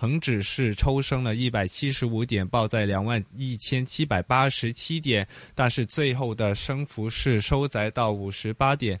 恒指是抽升了175點，報在2萬1787點，但是最後的升幅是收窄到58點。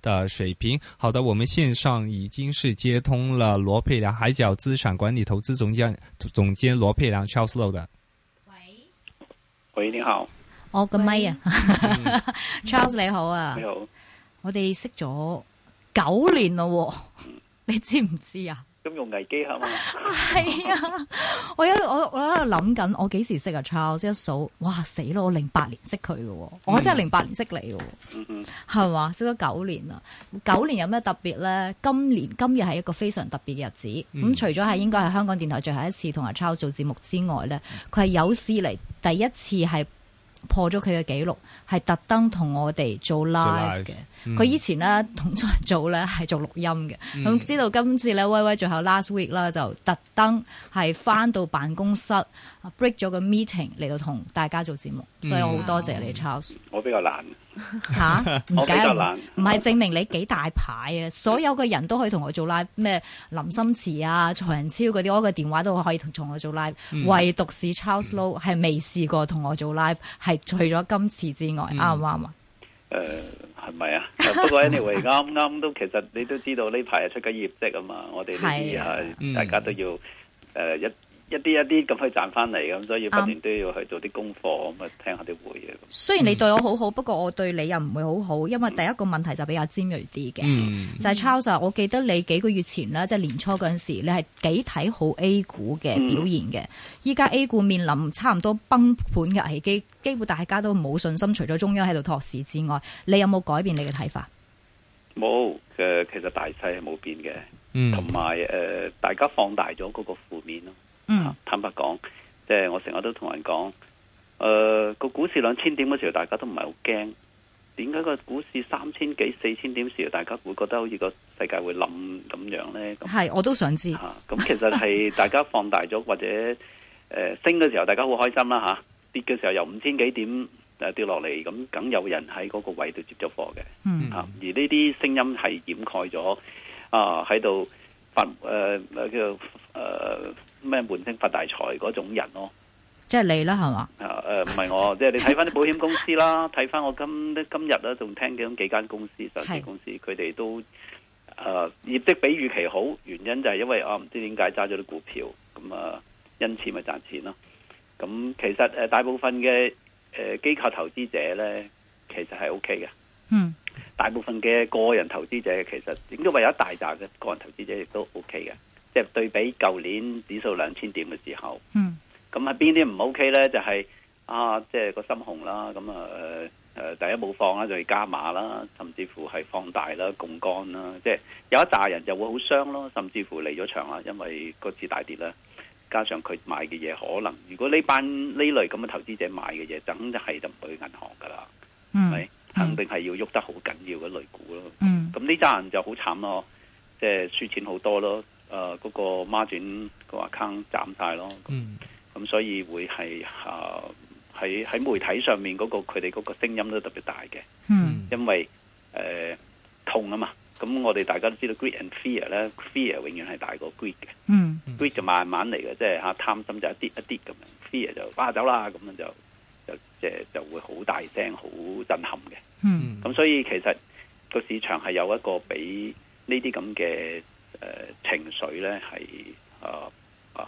的水平，好的，我們線上已經是接通了羅霈良海角資產管理投資總監總監羅霈良 Charles Sir 啦。喂，喂，你好。我個咪啊喂 ，Charles 你好啊。你好。我哋識咗九年咯，哦， 你知唔知啊？金融危機係嘛？係 啊！我喺我我喺度諗緊，我幾時識阿 Charles 一數，哇死咯！我零八年識佢嘅，我真係零八年識你嘅，係嘛是、啊？識咗九年啦，九年有咩特別咧？今年今日係一個非常特別嘅日子。咁、嗯、除咗係應該係香港電台最後一次同阿 Charles 做節目之外咧，佢係有史嚟第一次係。破咗佢嘅記錄，係特登同我哋做 live 嘅。佢做 live, 以前咧、嗯、同做咧係做錄音嘅。咁、嗯、知道今次咧威威最後 last week 啦，就特登係返到辦公室 break 咗個 meeting 嚟到同大家做節目。所以我好多謝你、嗯、，Charles。我比較難。吓唔解唔係證明你幾大牌啊！ 所有嘅人都可以同我做 live 咩？什麼林心慈啊、曹仁超嗰啲，我嘅電話都可以同我做 live，、嗯、唯獨是 Charles Low 係未試過同我做 live，係除咗今次之外，啱唔啱啊？誒吧，係咪、呃、啊？不過 anyway，啱啱 都其實你都知道呢排係出緊業績啊嘛，我哋係大家都要誒、呃、一。一啲一啲咁去賺翻嚟咁，所以不斷都要去做啲功課咁啊，嗯、聽下啲會嘅。雖然你對我好好，不過我對你又唔會好好，因為第一個問題就比較尖銳啲嘅，嗯、就係 Charles。我記得你幾個月前啦，即係年初嗰陣時，你係幾睇好 A 股嘅表現嘅。依家、嗯、A 股面臨差唔多崩盤嘅危機，幾乎大家都冇信心，除咗中央喺度托市之外，你有冇改變你嘅睇法？冇嘅，其實大勢係冇變嘅，同埋誒，大家放大咗嗰個負面咯。嗯、坦白講，即、就是、我成日都同人講，誒、呃、個股市兩千點嗰時，大家都唔係好驚。點解個股市三千幾、四千點嘅時候，大家會覺得好似個世界會冧咁樣咧？係，我都想知。咁、啊嗯、其實係大家放大咗， 或者誒、呃、升嘅時候，大家好開心啦嚇、啊。跌嘅時候由五千幾點掉跌落嚟，咁梗有人喺嗰個位度接咗貨嘅。嚇、嗯啊，而呢啲聲音係掩蓋咗啊，喺度發誒、呃、叫做、呃咩悶聲發大財嗰種人咯、啊，即係你啦係嘛？是啊誒，唔係我，即、就、係、是、你睇翻啲保險公司啦，睇翻 我今今日咧，仲聽緊幾間公司上市公司，佢哋是都誒、呃、業績比預期好，原因就係因為我唔、啊、知點解揸咗啲股票，咁啊因錢咪賺錢咯。咁其實誒大部分嘅誒機構投資者咧，其實係 O K 嘅。嗯，大部分嘅個人投資者其實，應該話有一大扎嘅個人投資者亦都 O K 嘅。即係對比舊年指數兩千點嘅時候，咁喺邊啲唔 OK 咧？就係啊，即係個心紅啦，咁啊誒，第一冇放啦，就係加碼啦，甚至乎係放大啦，槓桿啦，即係有一紮人就會好傷咯，甚至乎離咗場啦，因為個次大跌啦，加上佢買嘅嘢，可能，如果呢班呢類咁嘅投資者買嘅嘢，等就係就唔去銀行噶啦，係、嗯、肯定係要喐得好緊要嘅類股咯。咁呢扎人就好慘咯，即係輸錢好多咯。誒嗰、呃那個孖展個 account 斬晒咯，咁、嗯、所以會係誒喺喺媒體上面嗰、那個佢哋嗰個聲音都特別大嘅，嗯、因為誒、呃、痛啊嘛，咁我哋大家都知道 Greed and Fear 咧，Fear 永遠係大過 Greed 嘅、嗯、，Greed 就慢慢嚟嘅，即係嚇貪心就一啲一啲咁、嗯、，Fear 就哇走啦咁樣就就即係就會好大聲、好震撼嘅，咁、嗯、所以其實個市場係有一個比呢啲咁嘅。誒、呃，情緒咧係啊啊，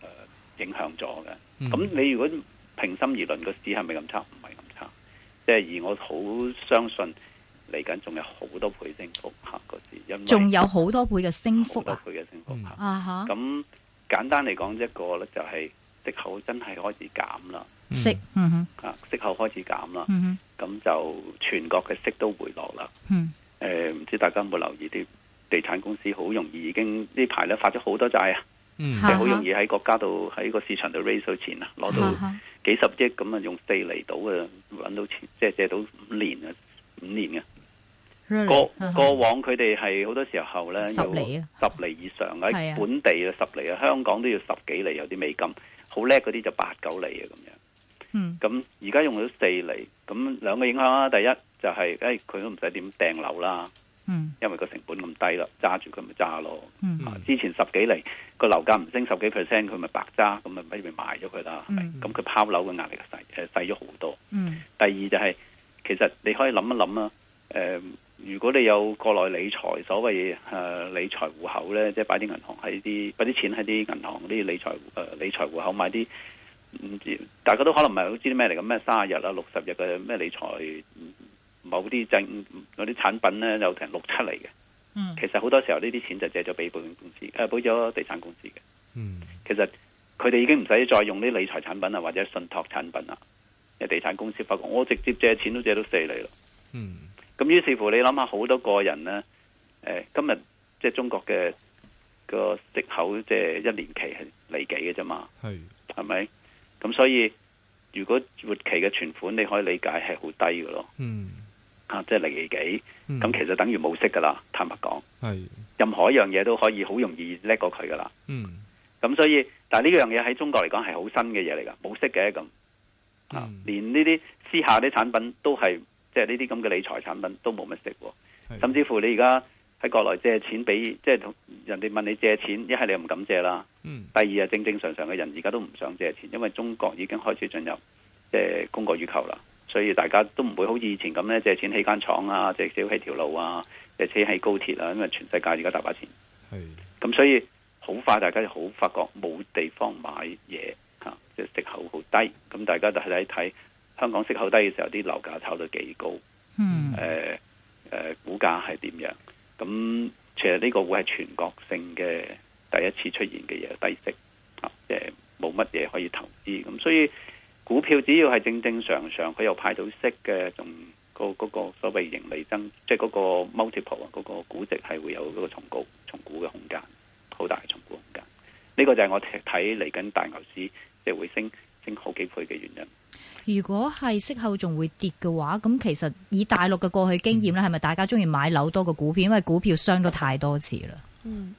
啊影響咗嘅。咁、嗯、你如果平心而論，個市係咪咁差？唔係咁差。即、就、係、是、而我好相信，嚟緊仲有好多倍升幅嚇個市。因為仲有好多倍嘅升幅、啊、倍嘅升幅咁簡單嚟講，一個咧就係息口真係開始減啦。嗯息嗯哼嚇、啊、息口開始減啦。咁、嗯、哼就全國嘅息都回落啦。嗯。誒、呃，唔知大家有冇留意啲？地產公司好容易已經呢排咧發咗好多債啊，係好、嗯、容易喺國家度喺個市場度 raise 到錢啊，攞到幾十億咁啊，用四厘到啊揾到錢，即係借到五年啊五年啊。嗯、過、嗯、過往佢哋係好多時候咧厘有十厘以上喺本地啊十厘啊的香港都要十幾厘有啲美金，好叻嗰啲就八九厘啊咁樣。嗯，咁而家用咗四厘，咁兩個影響啊，第一就係誒佢都唔使點訂樓啦。哎嗯，因為個成本咁低啦，揸住佢咪揸咯。嗯，之前十幾年個樓價唔升十幾 percent，佢咪白揸，咁咪不如賣咗佢啦。咁佢、嗯、拋樓嘅壓力細誒細咗好多。嗯，第二就係、是、其實你可以諗一諗啊。誒、呃，如果你有國內理財所謂誒、呃、理財戶口咧，即係擺啲銀行喺啲擺啲錢喺啲銀行啲理財誒、呃、理財戶口買啲，嗯，大家都可能唔係好知啲咩嚟嘅咩，三十日啊，六十日嘅咩理財。嗯某啲政啲產品咧有同攞出嚟嘅，嗯，其實好多時候呢啲錢就借咗俾保險公司，誒、啊，俾咗地產公司嘅，嗯，其實佢哋已經唔使再用啲理財產品啊，或者信託產品啊，地產公司發覺，我直接借錢都借到四厘咯，嗯，咁於是乎你諗下好多個人咧，誒、哎，今日即係中國嘅、個息口，即係一年期係厘幾嘅啫嘛，係是，係咪？咁所以如果活期嘅存款，你可以理解係好低嘅咯，嗯。啊、即係零點幾，咁、嗯、其實等於冇息噶啦，坦白講。係是任何一樣嘢都可以好容易叻過佢噶啦。嗯，咁所以，但係呢樣嘢喺中國嚟講係好新嘅嘢嚟噶，冇息嘅咁。啊，嗯、連呢啲私下啲產品都係，即係呢啲咁嘅理財產品都冇乜息。是甚至乎你而家喺國內借錢俾，即係同人哋問你借錢，一係你又唔敢借啦。嗯，第二啊，正正常常嘅人而家都唔想借錢，因為中國已經開始進入即係供過於求啦。所以大家都唔會好似以前咁咧，借錢起間廠啊，借小起條路啊，借車起高鐵啊，因為全世界而家大把錢。係的。咁所以好快大家就好發覺冇地方買嘢嚇，即、啊、係、就是、息口好低。咁大家就睇睇香港息口低嘅時候，啲樓價炒到幾高。嗯。誒誒、呃呃，股價係點樣？咁其實呢個會係全國性嘅第一次出現嘅嘢，低息嚇，即係冇乜嘢可以投資。咁所以。股票只要係正正常常，佢又派到息嘅，仲嗰嗰個所謂盈利增，即係嗰個 multiple 啊，嗰個估值係會有嗰個重高重估嘅空間，好大嘅重估空間。呢、這個就係我睇嚟緊大牛市即係會升升好幾倍嘅原因。如果係息後仲會跌嘅話，咁其實以大陸嘅過去經驗咧，係咪、嗯、大家中意買樓多過股票？因為股票傷咗太多次啦。嗯、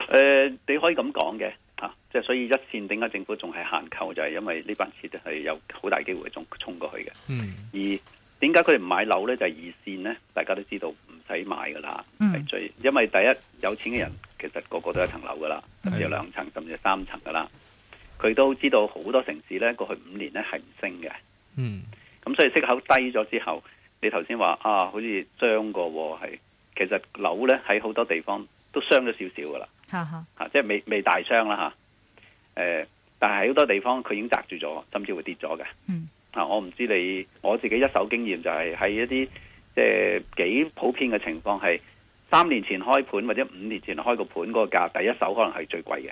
誒、呃，你可以咁講嘅。即係、啊、所以，一線點解政府仲係限購，就係、是、因為呢班錢係有好大機會仲衝過去嘅。嗯。而點解佢哋唔買樓呢？就係、是、二線呢，大家都知道唔使買噶啦。嗯。最因為第一有錢嘅人其實個個都有一層樓噶啦，有兩層，甚至有三層噶啦。佢都知道好多城市呢，過去五年呢係唔升嘅。嗯。咁、啊、所以息口低咗之後，你頭先話啊，好似漲過喎，係其實樓呢喺好多地方都傷咗少少噶啦。吓吓， 即係未未大傷啦吓，誒、啊，但係好多地方佢已經砸住咗，甚至會跌咗嘅。嗯，啊、我唔知你，我自己一手經驗就係喺一啲即係幾普遍嘅情況係三年前開盤或者五年前開個盤嗰個價，第一手可能係最貴嘅。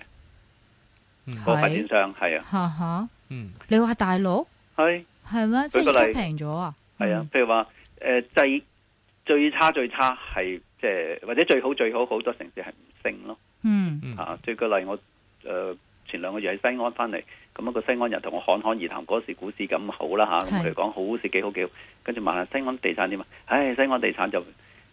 嗯是，發展商係啊。啊嗯，你話大陸？係係咩？即係而家平咗啊？係啊，譬如話誒，最最差最差係即係或者最好最好好多城市係唔升咯。嗯，啊，即係個例我誒，前兩個月喺西安翻嚟，咁一個西安人同我侃侃而談。嗰時股市咁好啦吓，咁佢哋講好似幾好幾好，跟住問下西安地產點啊？唉，西安地產就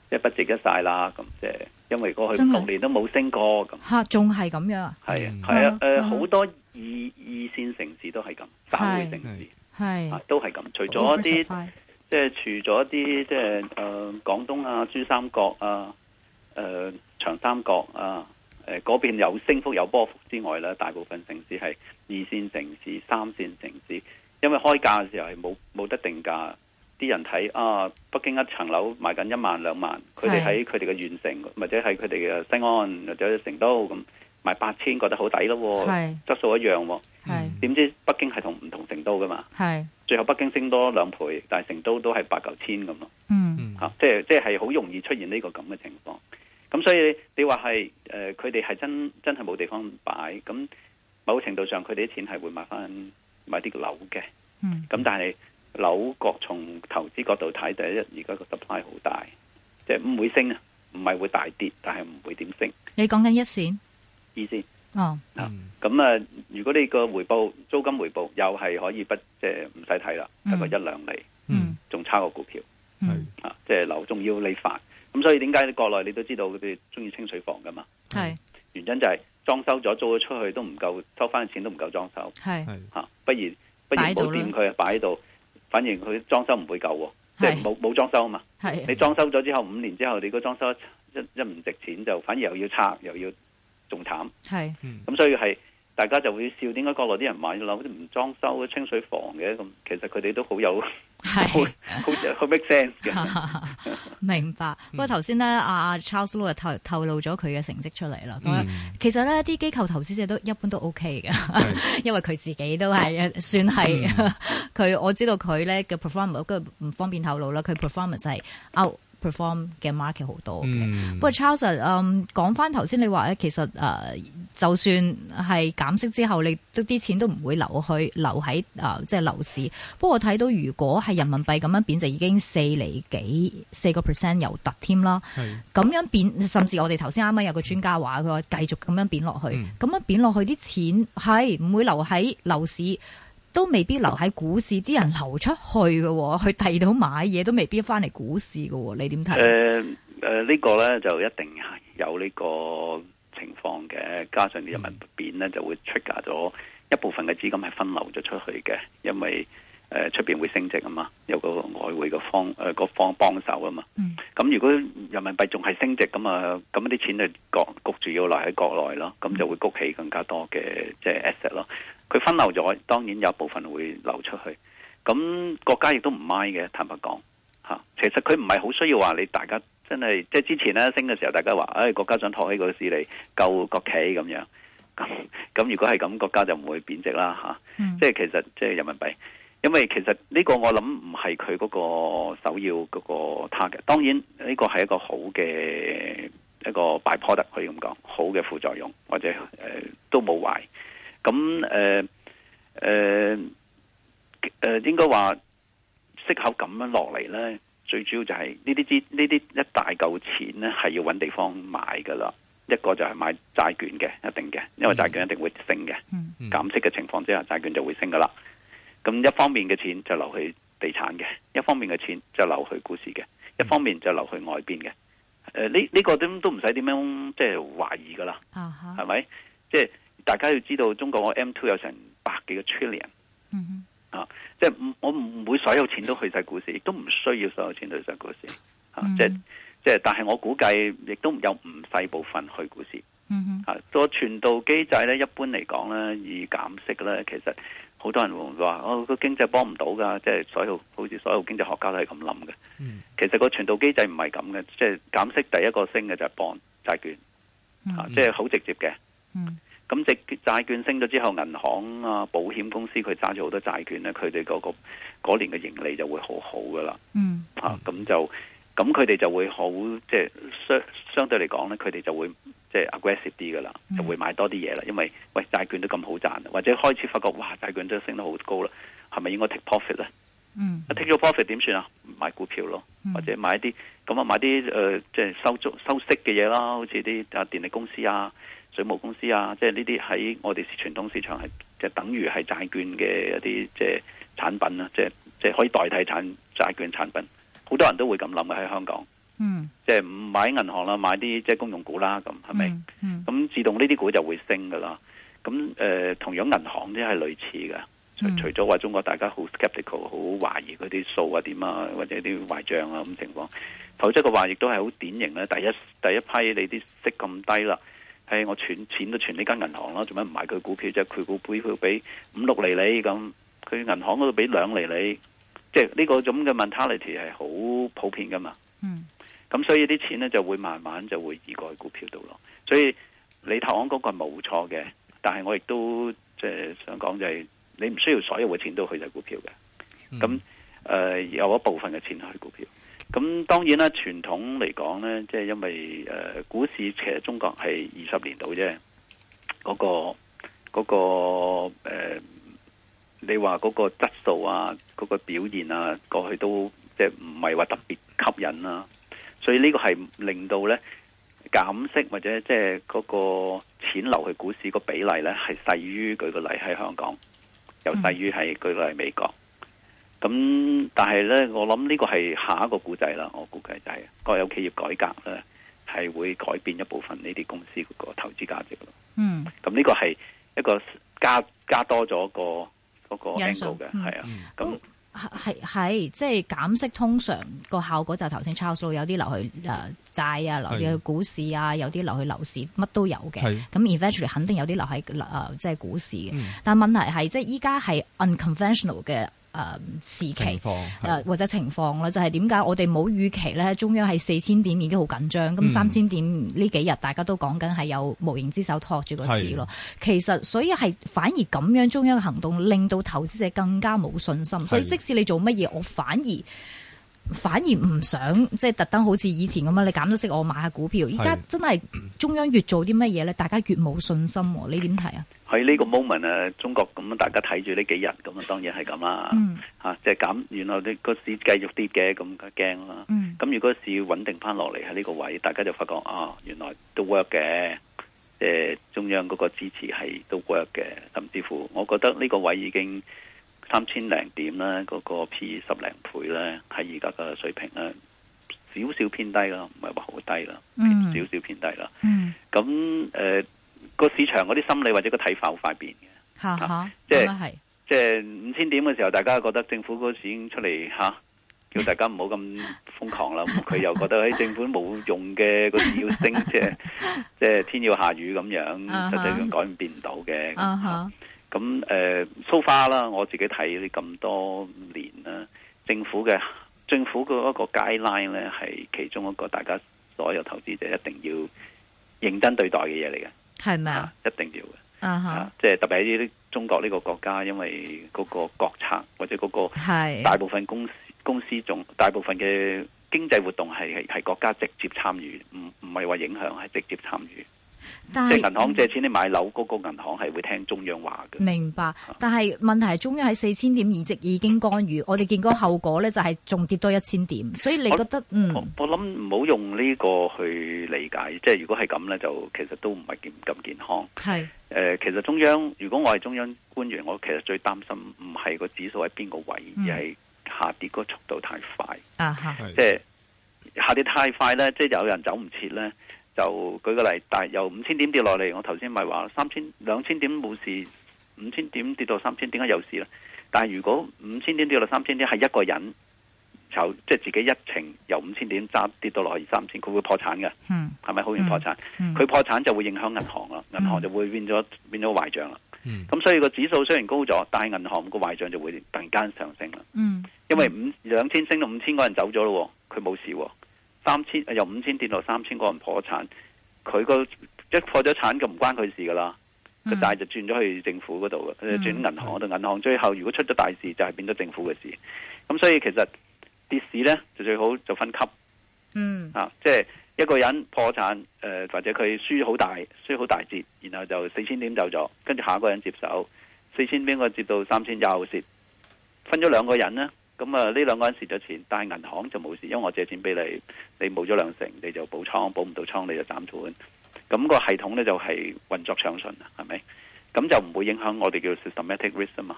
即係不值一晒啦，咁即係因為過去六年都冇升過，咁吓仲係咁樣。係啊係啊，誒，好多二二線城市都係咁，大市城市係，都係咁，除咗一啲即係除咗一啲即係誒廣東啊珠三角啊誒長三角啊。誒嗰、呃、邊有升幅有波幅之外咧，大部分城市係二線城市、三線城市，因為開價嘅時候係冇冇得定價，啲人睇啊，北京一層樓賣緊一萬兩萬，佢哋喺佢哋嘅縣城，或者喺佢哋嘅西安或者成都咁賣八千覺得好抵咯，是質素一樣喎，點是、嗯、知北京係同唔同成都噶嘛？是最後北京升多兩倍，但係成都都係八九千咁咯，嚇、嗯啊，即係即係好容易出現呢個咁嘅情況。咁、嗯、所以你話係誒，佢哋係真真係冇地方擺，咁某程度上佢哋啲錢係會買翻買啲樓嘅。咁、嗯、但係樓角從投資角度睇，第一而家個 supply 好大，即係唔會升啊，唔係會大跌，但係唔會點升。你講緊一線，二線哦。咁啊，嗯嗯、如果你個回報租金回報又係可以不，即係唔使睇啦，得個一兩厘，嗯，仲差過股票，係、嗯嗯、啊，即係樓仲要你發。咁、嗯、所以點解你國內你都知道佢哋鍾意清水房㗎嘛？係是原因就係、是、裝修咗租咗出去，都唔夠收返嘅錢，都唔夠裝修，係係吓，不如不如冇掂佢擺喺度，反而佢裝修唔會夠喎，是即係冇冇裝修啊嘛。係是你裝修咗之後五年之後，你個裝修一一唔值錢，就反而又要拆又要仲慘係。咁是、嗯嗯、所以係。大家就會笑點解國內啲人買樓啲唔裝修清水房嘅咁，其實佢哋都好有，是的 好好 make sense 嘅。明白，嗯、不過頭先咧，阿、啊、Charles l uCharles Lou 又透透露咗佢嘅成績出嚟啦。嗯、其實咧，啲機構投資者都一般都 OK 嘅，的 因為佢自己都係算係佢，我知道佢咧嘅 performance，不過唔方便透露啦。佢 performance 係 perform 嘅 market 好多嘅，嗯、不過 Charles，講、啊、翻頭先你話咧，其實誒、啊，就算係減息之後，你都啲錢都唔會留去流喺啊，即、就、係、是、樓市。不過我睇到如果係人民幣咁樣貶值，就已經四厘幾四個 percent 又突添啦。咁是樣貶，甚至我哋頭先啱啱有個專家話，佢話繼續咁樣貶落去，咁、嗯、樣貶落去啲錢係唔會留喺樓市。都未必留喺股市，啲人流出去嘅，去第二度買嘢都未必翻嚟股市嘅，你點睇？誒誒、呃，呃這個、呢個咧就一定係有呢個情況嘅，加上啲人民幣咧就會出價咗一部分嘅資金係分流咗出去嘅，因為。誒出邊會升值啊嘛，有個外匯嘅方誒、呃、個方幫手啊嘛。咁、嗯、如果人民幣仲係升值咁啊，咁啲錢就焗住要留喺國內咯，咁就會谷起更加多嘅即係 asset 咯。佢分流咗，當然有部分會流出去。咁國家亦都唔買嘅，坦白講嚇、啊。其實佢唔係好需要話你大家真係即係之前咧升嘅時候，大家話誒、哎、國家想托起個市嚟救國企咁樣。咁咁如果係咁，國家就唔會貶值啦嚇、啊嗯。即係其實即係人民幣。因為其實呢個我諗唔係佢嗰個首要嗰個 target 當然呢個係一個好嘅一個 byproduct 可以咁講，好嘅副作用或者誒、呃、都冇壞。咁誒誒誒，應該話息口咁樣落嚟咧，最主要就係呢啲資呢啲一大嚿錢咧係要揾地方買噶啦。一個就係買債券嘅，一定嘅，因為債券一定會升嘅。嗯、減息嘅情況之下，債券就會升噶啦。咁一方面嘅錢就流去地產嘅，一方面嘅錢就流去股市嘅，一方面就流去外邊嘅。誒、呃，呢、這、呢、個這個都都唔使點樣即係懷疑噶啦，係咪、uh？即、huh. 係、就是、大家要知道，中國個 M two 有成百幾個 trillion，、uh huh. 啊，即、就、係、是、我唔會所有錢都去晒股市，亦都唔需要所有錢都去晒股市。啊，即係即係，huh. 就是就是、但係我估計亦都有唔細部分去股市。啊，個傳導機制咧，一般嚟講咧，以減息咧，其實。好多人會話，我、哦、個經濟幫唔到噶，即係所有好似所有經濟學家都係咁諗嘅。Mm. 其實個傳導機制唔係咁嘅，即係減息第一個升嘅就係幫債券，mm. 啊，即係好直接嘅。咁直、mm. 債券升咗之後，銀行啊、保險公司佢揸住好多債券咧，佢哋嗰個嗰年嘅盈利就會好好噶啦。嗯，mm. 啊，咁就咁佢哋就會好，即係相相對嚟講咧，佢哋就會。即係 aggressive 啲噶啦，就，嗯、就會買多啲嘢啦，因為喂債券都咁好賺，或者開始發覺哇債券都升得好高啦，係咪應該 take profit 咧？嗯、啊、take 咗 profit 點算啊？買股票咯，嗯、或者買一啲咁啊買啲誒即係收租收息嘅嘢啦，好似啲啊電力公司啊、水務公司啊，即係呢啲喺我哋傳統市場係即係、等於係債券嘅一啲即係產品啊，即係即係可以代替產債券產品，好多人都會咁諗嘅喺香港。嗯，即係唔買銀行啦，買啲即係公用股啦，咁係咪？咁、嗯嗯、自動呢啲股就會升噶啦。咁誒、呃，同樣銀行即係類似噶。除、嗯、除咗話中國大家好 skeptical 好懷疑嗰啲數啊點啊，或者啲壞賬啊咁情況，否則嘅話亦都係好典型嘅。第一第一批你啲息咁低啦，誒、哎，我存錢都存呢間銀行啦，做咩唔買佢股票啫？佢股票股俾五六厘厘咁，佢銀行嗰度俾兩厘厘，即係呢個咁嘅 mentality 係好普遍噶嘛。咁所以啲錢咧就會慢慢就會移過去股票度咯。所以你投安嗰個係冇錯嘅，但係我亦都即係想講，就係你唔需要所有嘅錢都去晒股票嘅。咁誒、呃、有一部分嘅錢去股票。咁當然啦，傳統嚟講咧，即、就、係、是、因為誒、呃、股市其實中國係二十年度啫。嗰、那個嗰、那個誒、呃，你話嗰個質素啊，嗰、那個表現啊，過去都即係唔係話特別吸引啦、啊。所以呢個係令到咧，減息或者即係嗰個錢流去股市個比例咧，係細於舉個例喺香港，又細於係舉個例美國。咁但係咧，我諗呢個係下一個故仔啦。我估計就係、是、國有企業改革咧，係會改變一部分呢啲公司嗰個投資價值咯。嗯。咁呢個係一個加加多咗個嗰個 angle 嘅，係、嗯、啊。係係即係減息，通常個效果就係頭先抄數，有啲流去誒債啊，流去股市啊，有啲流去樓市，乜都有嘅。咁 eventually 是肯定有啲流喺誒即係股市嘅。嗯、但問題係即係依家係 unconventional 嘅。誒、呃、時期誒況、呃、或者情況咧，是 就係點解我哋冇預期咧？中央喺四千點已經好緊張，咁三千點呢幾日大家都講緊係有無形之手托住個市咯。是 其實所以係反而咁樣中央嘅行動，令到投資者更加冇信心。是 所以即使你做乜嘢，我反而。反而唔想即係、就是、特登，好似以前咁樣，你減咗息我買下股票。而家真係中央越做啲乜嘢咧，大家越冇信心。你點睇啊？喺呢個 moment 啊，中國咁，大家睇住呢幾日咁啊，當然係咁啦。吓、嗯、即係減，然後啲個市繼續跌嘅，咁佢驚啦。咁、嗯、如果市要穩定翻落嚟喺呢個位，大家就發覺啊、哦，原來都 work 嘅。誒，中央嗰個支持係都 work 嘅，甚至乎，我覺得呢個位已經。三千零點啦，嗰個 P 十零倍咧，喺而家嘅水平咧，少少偏低啦，唔係話好低咯，少少偏低啦。嗯，咁誒，個市場嗰啲心理或者個睇法好快變嘅。吓，即係即係五千點嘅時候，大家覺得政府嗰錢出嚟吓，叫大家唔好咁瘋狂啦。咁佢又覺得誒，政府冇用嘅，個市要升，即係即係天要下雨咁樣，實際上改變唔到嘅。吓。咁誒，so far 啦，呃 so、far，我自己睇你咁多年啦，政府嘅政府嘅一個 guideline 咧，係其中一個大家所有投資者一定要認真對待嘅嘢嚟嘅，係嘛嗎、啊？一定要嘅，uh huh. 啊即係、就是、特別喺呢啲中國呢個國家，因為嗰個國策或者嗰個大部分公司是公司仲大部分嘅經濟活動係係國家直接參與，唔唔係話影響，係直接參與。即係銀行借錢你買樓，嗰個銀行係會聽中央話嘅。明白。啊、但係問題係中央喺四千點，位置已經干預。 我哋見過後果咧，就係仲跌多一千點。所以你覺得嗯？我諗唔好用呢個去理解。即係如果係咁咧，就其實都唔係健咁健康。係是。誒、呃，其實中央，如果我係中央官員，我其實最擔心唔係個指數喺邊個位，嗯、而係下跌個速度太快。啊、uh huh. 即係下跌太快咧，即係有人走唔切咧。就舉個例，但係由五千點跌落嚟，我頭先咪話三千、兩千點冇事，五千點跌到三千，點解有事咧？但係如果五千點跌到三千點，係一個人就即係自己一程由五千點跌到落去三千，佢會破產嘅，係咪好容易破產？佢、嗯嗯、破產就會影響銀行啦，銀行就會變咗變咗壞賬啦。咁、嗯、所以個指數雖然高咗，但係銀行個壞賬就會突然間上升啦。嗯、因為五兩千升到五千，個人走咗咯，佢冇事。三千由五千跌到三千個人破產，佢、個一破咗產就唔關佢事噶啦，但係、嗯、就轉咗去政府嗰度嘅，轉銀行嗰度，銀、嗯、行最後如果出咗大事就係、是、變咗政府嘅事，咁所以其實跌市咧就最好就分級，嗯啊，即、就、係、是、一個人破產誒、呃，或者佢輸好大，輸好大蝕，然後就四千點就走咗，跟住下一個人接手四千邊個接到三千又蝕，分咗兩個人咧。咁啊，呢兩個人蝕咗錢，但係銀行就冇事，因為我借錢俾你，你冇咗兩成，你就補倉，補唔到倉你就斬款。咁、那個系統呢，是就係運作暢順啦，係咪？咁就唔會影響我哋叫 systematic risk 啊嘛。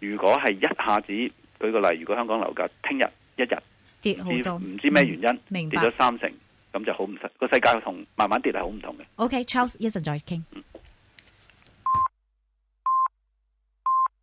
如果係一下子舉個例，如果香港樓價聽日一日跌好多，唔知咩原因、嗯、跌咗三成，咁就好唔同，個世界同慢慢跌係好唔同嘅。OK，Charles，一陣再傾。